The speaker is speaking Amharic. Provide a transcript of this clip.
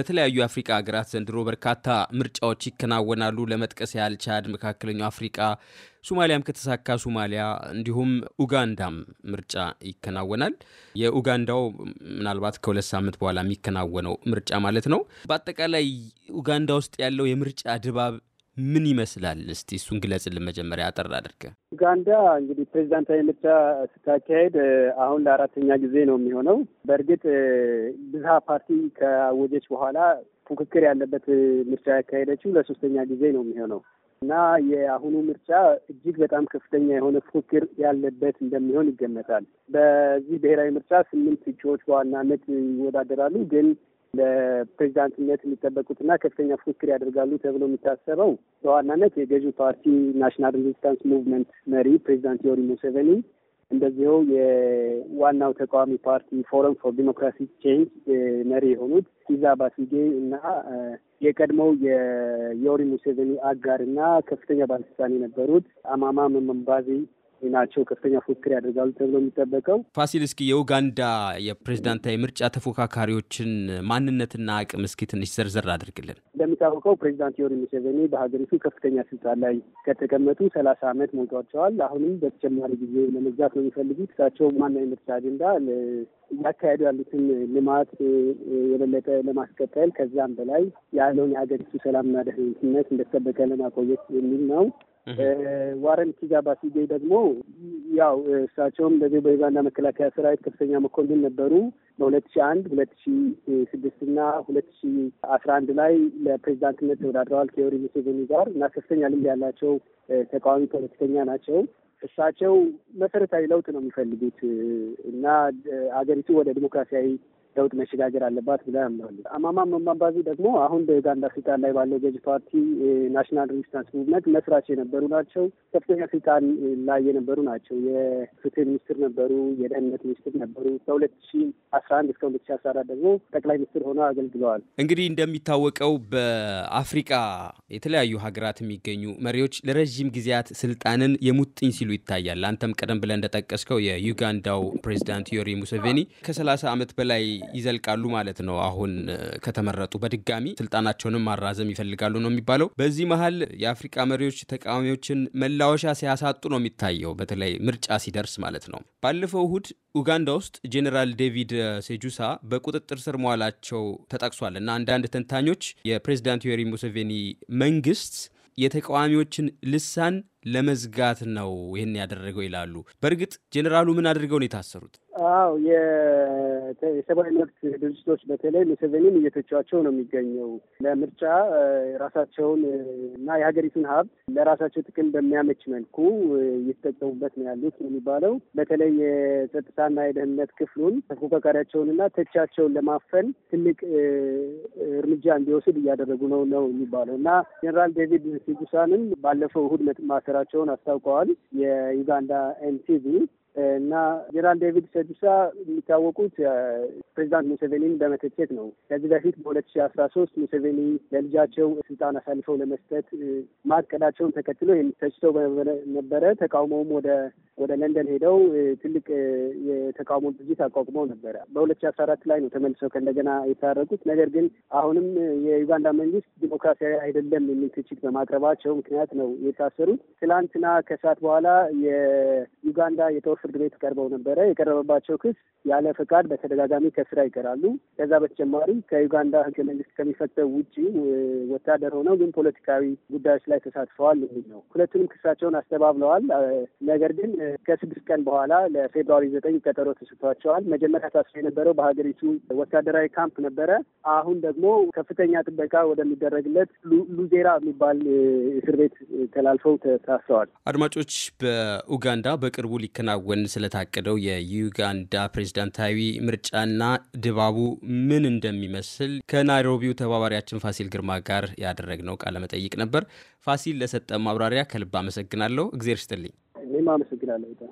በተለያዩ የአፍሪካ ሀገራት ዘንድሮ በርካታ ምርጫዎች ይከናወናሉ። ለመጥቀስ ያህል ቻድ፣ መካከለኛው አፍሪቃ፣ ሶማሊያም ከተሳካ ሶማሊያ፣ እንዲሁም ኡጋንዳም ምርጫ ይከናወናል። የኡጋንዳው ምናልባት ከሁለት ሳምንት በኋላ የሚከናወነው ምርጫ ማለት ነው። በአጠቃላይ ኡጋንዳ ውስጥ ያለው የምርጫ ድባብ ምን ይመስላል? እስቲ እሱን ግለጽልን መጀመሪያ አጠር አድርገ ዩጋንዳ እንግዲህ ፕሬዚዳንታዊ ምርጫ ስታካሄድ አሁን ለአራተኛ ጊዜ ነው የሚሆነው። በእርግጥ ብዝሃ ፓርቲ ከወጀች በኋላ ፉክክር ያለበት ምርጫ ያካሄደችው ለሶስተኛ ጊዜ ነው የሚሆነው እና የአሁኑ ምርጫ እጅግ በጣም ከፍተኛ የሆነ ፉክክር ያለበት እንደሚሆን ይገመታል። በዚህ ብሔራዊ ምርጫ ስምንት እጩዎች በዋናነት ይወዳደራሉ ግን ለፕሬዚዳንትነት የሚጠበቁትና ከፍተኛ ፉክክር ያደርጋሉ ተብሎ የሚታሰበው በዋናነት የገዢው ፓርቲ ናሽናል ሬዚስታንስ ሙቭመንት መሪ ፕሬዚዳንት ዮሪ ሙሴቬኒ እንደዚሁ የዋናው ተቃዋሚ ፓርቲ ፎረም ፎር ዲሞክራሲ ቼንጅ መሪ የሆኑት ሂዛ ባሲጌ እና የቀድሞው የዮሪ ሙሴቬኒ አጋር እና ከፍተኛ ባለስልጣን የነበሩት አማማ መመንባዚ ናቸው ከፍተኛ ፉክክር ያደርጋሉ ተብሎ የሚጠበቀው። ፋሲል፣ እስኪ የኡጋንዳ የፕሬዚዳንታዊ ምርጫ ተፎካካሪዎችን ማንነትና አቅም እስኪ ትንሽ ዘርዘር አድርግልን። እንደሚታወቀው ፕሬዚዳንት ዮዌሪ ሙሴቬኒ በሀገሪቱ ከፍተኛ ስልጣን ላይ ከተቀመጡ ሰላሳ ዓመት ሞልቷቸዋል። አሁንም በተጨማሪ ጊዜ ለመግዛት ነው የሚፈልጉት። እሳቸው ዋናው የምርጫ አጀንዳ እያካሄዱ ያሉትን ልማት የበለጠ ለማስቀጠል ከዛም በላይ ያለውን የሀገሪቱ ሰላምና ደህንነት እንደተጠበቀ ለማቆየት የሚል ነው። ዋረን ኪጋባ ሲገኝ ደግሞ ያው እሳቸውም በዚህ በዩጋንዳ መከላከያ ሰራዊት ከፍተኛ መኮንን ነበሩ። በሁለት ሺ አንድ ሁለት ሺ ስድስት እና ሁለት ሺ አስራ አንድ ላይ ለፕሬዚዳንትነት ተወዳድረዋል ከዮዌሪ ሙሴቬኒ ጋር እና ከፍተኛ ልምድ ያላቸው ተቃዋሚ ፖለቲከኛ ናቸው። እሳቸው መሰረታዊ ለውጥ ነው የሚፈልጉት እና አገሪቱ ወደ ዲሞክራሲያዊ ለውጥ መሸጋገር አለባት ብለ ያምናሉ። አማማ መማባዚ ደግሞ አሁን በዩጋንዳ ስልጣን ላይ ባለው ገዥ ፓርቲ ናሽናል ሬዚስታንስ ሙቭመንት መስራች የነበሩ ናቸው። ከፍተኛ ስልጣን ላይ የነበሩ ናቸው። የፍትህ ሚኒስትር ነበሩ፣ የደህንነት ሚኒስትር ነበሩ። ከሁለት ሺ አስራ አንድ እስከ ሁለት ሺ አስራ አራት ደግሞ ጠቅላይ ሚኒስትር ሆነው አገልግለዋል። እንግዲህ እንደሚታወቀው በአፍሪቃ የተለያዩ ሀገራት የሚገኙ መሪዎች ለረዥም ጊዜያት ስልጣንን የሙጥኝ ሲሉ ይታያል። አንተም ቀደም ብለ እንደጠቀስከው የዩጋንዳው ፕሬዚዳንት ዮሪ ሙሴቬኒ ከሰላሳ ዓመት በላይ ይዘልቃሉ ማለት ነው። አሁን ከተመረጡ በድጋሚ ስልጣናቸውንም ማራዘም ይፈልጋሉ ነው የሚባለው። በዚህ መሀል የአፍሪቃ መሪዎች ተቃዋሚዎችን መላወሻ ሲያሳጡ ነው የሚታየው፣ በተለይ ምርጫ ሲደርስ ማለት ነው። ባለፈው እሁድ ኡጋንዳ ውስጥ ጄኔራል ዴቪድ ሴጁሳ በቁጥጥር ስር መዋላቸው ተጠቅሷል እና አንዳንድ ተንታኞች የፕሬዚዳንት ዩዌሪ ሙሴቬኒ መንግስት የተቃዋሚዎችን ልሳን ለመዝጋት ነው ይህን ያደረገው ይላሉ። በእርግጥ ጄኔራሉ ምን አድርገው ነው የታሰሩት? አዎ የሰብአዊ መብት ድርጅቶች በተለይ ሙሴቬኒን እየተቻቸው ነው የሚገኘው። ለምርጫ ራሳቸውን እና የሀገሪቱን ሀብት ለራሳቸው ጥቅም በሚያመች መልኩ እየተጠቀሙበት ነው ያሉት የሚባለው በተለይ የጸጥታና የደህንነት ክፍሉን ተፎካካሪያቸውንና ተቻቸውን ለማፈን ትልቅ እርምጃ እንዲወስድ እያደረጉ ነው ነው የሚባለው እና ጀኔራል ዴቪድ ሲጉሳንም ባለፈው እሁድ ማሰራቸውን አስታውቀዋል። የዩጋንዳ ኤምቲቪ እና ጀነራል ዴቪድ ሰዱሳ የሚታወቁት ፕሬዚዳንት ሙሴቬኒን በመተቸት ነው። ከዚህ በፊት በሁለት ሺ አስራ ሶስት ሙሴቬኒ ለልጃቸው ስልጣን አሳልፈው ለመስጠት ማቀዳቸውን ተከትሎ የሚተችተው ነበረ። ተቃውሞውም ወደ ወደ ለንደን ሄደው ትልቅ የተቃውሞ ድርጅት አቋቁመው ነበረ። በሁለት ሺ አስራ አራት ላይ ነው ተመልሰው ከእንደገና የታረቁት። ነገር ግን አሁንም የዩጋንዳ መንግስት ዲሞክራሲያዊ አይደለም የሚል ትችት በማቅረባቸው ምክንያት ነው የታሰሩት። ትላንትና ከሰዓት በኋላ የዩጋንዳ የጦር ፍርድ ቤት ቀርበው ነበረ። የቀረበባቸው ክስ ያለ ፈቃድ በተደጋጋሚ ከስራ ይቀራሉ። ከዛ በተጨማሪ ከዩጋንዳ ህገ መንግስት ከሚፈቅደው ውጭ ወታደር ሆነው ግን ፖለቲካዊ ጉዳዮች ላይ ተሳትፈዋል የሚል ነው። ሁለቱንም ክሳቸውን አስተባብለዋል። ነገር ግን ከስድስት ቀን በኋላ ለፌብርዋሪ ዘጠኝ ቀጠሮ ተሰጥቷቸዋል። መጀመሪያ ታስሮ የነበረው በሀገሪቱ ወታደራዊ ካምፕ ነበረ። አሁን ደግሞ ከፍተኛ ጥበቃ ወደሚደረግለት ሉዜራ የሚባል እስር ቤት ተላልፈው ታስረዋል። አድማጮች በኡጋንዳ በቅርቡ ሊከናወ ጎን ስለታቀደው የዩጋንዳ ፕሬዝዳንታዊ ምርጫና ድባቡ ምን እንደሚመስል ከናይሮቢው ተባባሪያችን ፋሲል ግርማ ጋር ያደረግነው ቃለመጠይቅ ነበር። ፋሲል ለሰጠ ማብራሪያ ከልብ አመሰግናለሁ። እግዜር ስጥልኝ። እኔም አመሰግናለሁ።